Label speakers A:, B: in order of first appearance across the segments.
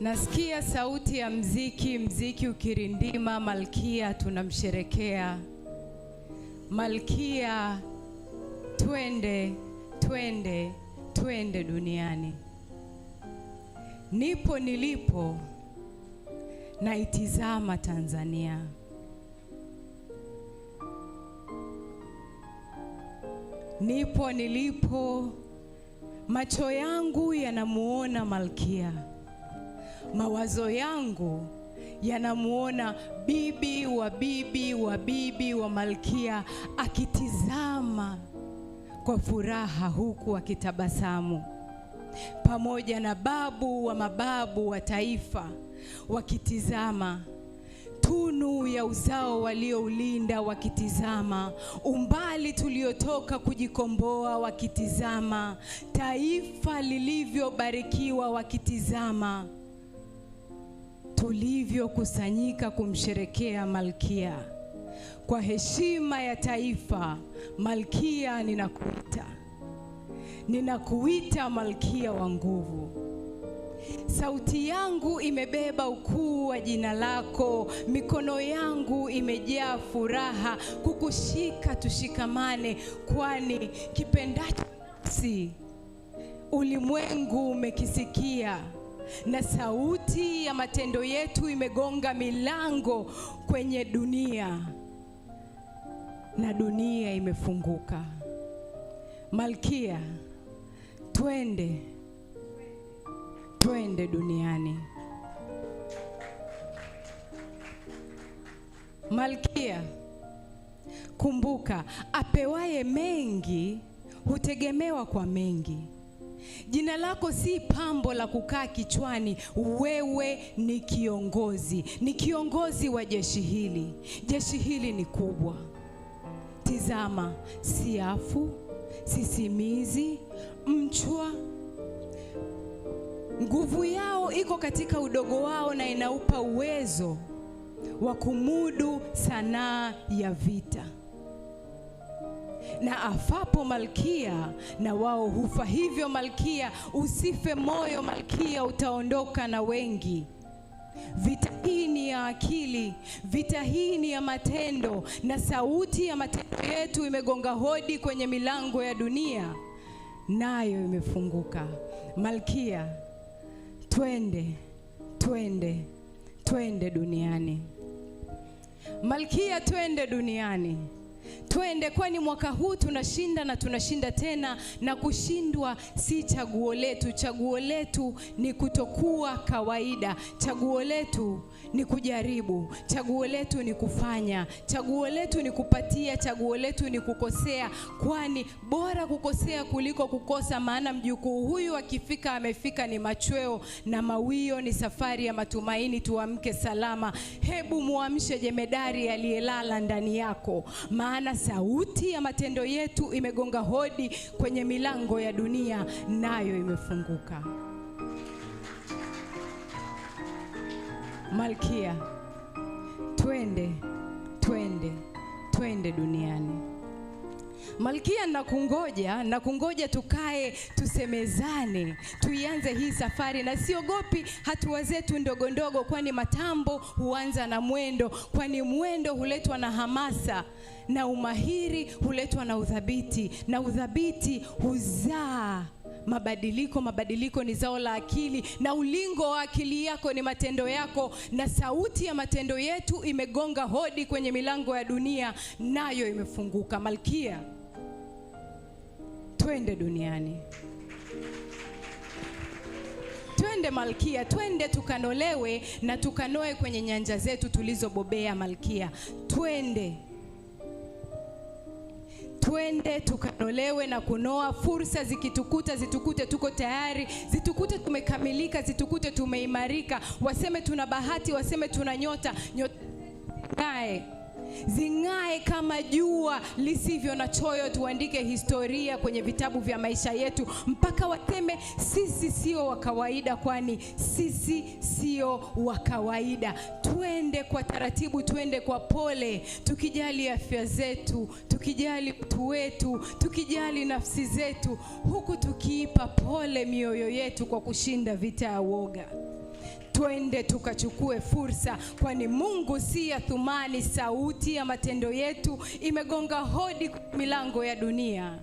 A: Nasikia sauti ya mziki, mziki ukirindima, Malkia tunamsherekea. Malkia twende, twende, twende duniani. Nipo nilipo naitizama Tanzania. Nipo nilipo macho yangu yanamuona Malkia mawazo yangu yanamuona bibi wa bibi wa bibi wa malkia akitizama kwa furaha huku akitabasamu, pamoja na babu wa mababu wa taifa wakitizama tunu ya uzao walioulinda wakitizama, umbali tuliotoka kujikomboa wakitizama, taifa lilivyobarikiwa wakitizama tulivyokusanyika kumsherekea Malkia. Kwa heshima ya taifa, Malkia, ninakuita, ninakuita Malkia wa nguvu. Sauti yangu imebeba ukuu wa jina lako, mikono yangu imejaa furaha kukushika. Tushikamane, kwani kipendacho nafsi ulimwengu umekisikia na sauti ya matendo yetu imegonga milango kwenye dunia na dunia imefunguka. Malkia, twende twende duniani. Malkia, kumbuka, apewaye mengi hutegemewa kwa mengi. Jina lako si pambo la kukaa kichwani. Wewe ni kiongozi, ni kiongozi wa jeshi hili. Jeshi hili ni kubwa. Tizama, siafu sisimizi, mchwa Nguvu yao iko katika udogo wao na inaupa uwezo wa kumudu sanaa ya vita na afapo malkia na wao hufa. Hivyo malkia, usife moyo malkia, utaondoka na wengi. Vita hii ni ya akili, vita hii ni ya matendo, na sauti ya matendo yetu imegonga hodi kwenye milango ya dunia, nayo imefunguka. Malkia, twende, twende, twende duniani. Malkia, twende duniani. Twende, kwani mwaka huu tunashinda na tunashinda tena, na kushindwa si chaguo letu. Chaguo letu ni kutokuwa kawaida. Chaguo letu ni kujaribu. Chaguo letu ni kufanya. Chaguo letu ni kupatia. Chaguo letu ni kukosea, kwani bora kukosea kuliko kukosa, maana mjukuu huyu akifika amefika ni machweo na mawio, ni safari ya matumaini. Tuamke salama. Hebu muamshe jemedari aliyelala ndani yako, maana maana sauti ya matendo yetu imegonga hodi kwenye milango ya dunia, nayo imefunguka. Malkia, twende twende twende duniani. Malkia, nakungoja, nakungoja tukae, tusemezane, tuianze hii safari, na siogopi hatua zetu ndogo ndogo, kwani matambo huanza na mwendo, kwani mwendo huletwa na hamasa na umahiri huletwa na udhabiti, na udhabiti huzaa mabadiliko. Mabadiliko ni zao la akili, na ulingo wa akili yako ni matendo yako, na sauti ya matendo yetu imegonga hodi kwenye milango ya dunia, nayo imefunguka. Malkia twende duniani, twende Malkia, twende tukanolewe na tukanoe kwenye nyanja zetu tulizobobea Malkia, twende twende tukanolewe na kunoa. Fursa zikitukuta zitukute tuko tayari, zitukute tumekamilika, zitukute tumeimarika. Waseme tuna bahati, waseme tuna nyota, nyota naye zing'ae kama jua lisivyo na choyo, tuandike historia kwenye vitabu vya maisha yetu mpaka waseme sisi sio wa kawaida, kwani sisi sio wa kawaida. Twende kwa taratibu, twende kwa pole, tukijali afya zetu, tukijali utu wetu, tukijali nafsi zetu, huku tukiipa pole mioyo yetu kwa kushinda vita ya woga. Twende tukachukue fursa, kwani Mungu si ya thumani. Sauti ya matendo yetu imegonga hodi milango ya dunia,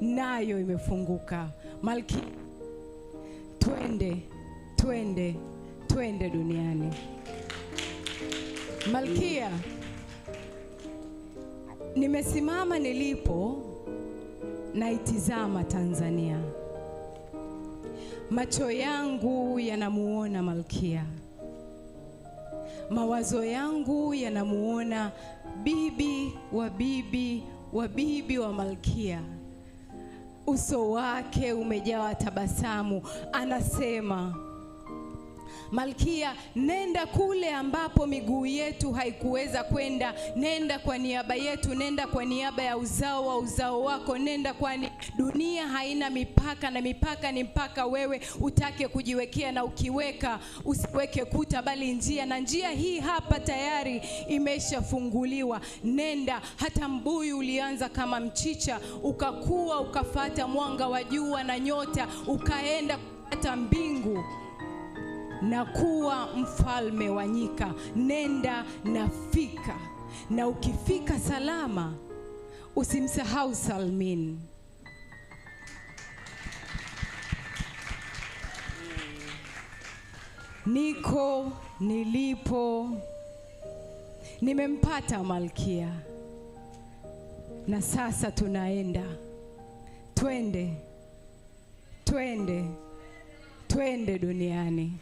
A: nayo imefunguka malkia. Twende, twende, twende duniani malkia. Nimesimama nilipo naitizama Tanzania. Macho yangu yanamuona Malkia, mawazo yangu yanamuona bibi wa bibi wa bibi wa Malkia. Uso wake umejawa tabasamu, anasema Malkia, nenda kule ambapo miguu yetu haikuweza kwenda, nenda kwa niaba yetu, nenda kwa niaba ya uzao wa uzao wako, nenda kwani dunia haina mipaka, na mipaka ni mpaka wewe utake kujiwekea, na ukiweka usiweke kuta, bali njia, na njia hii hapa tayari imeshafunguliwa. Nenda. Hata mbuyu ulianza kama mchicha, ukakua ukafata mwanga wa jua na nyota, ukaenda kupata mbingu na kuwa mfalme wa nyika. Nenda na fika, na ukifika salama usimsahau Salmin. Niko nilipo, nimempata Malkia, na sasa tunaenda. Twende, twende, twende duniani.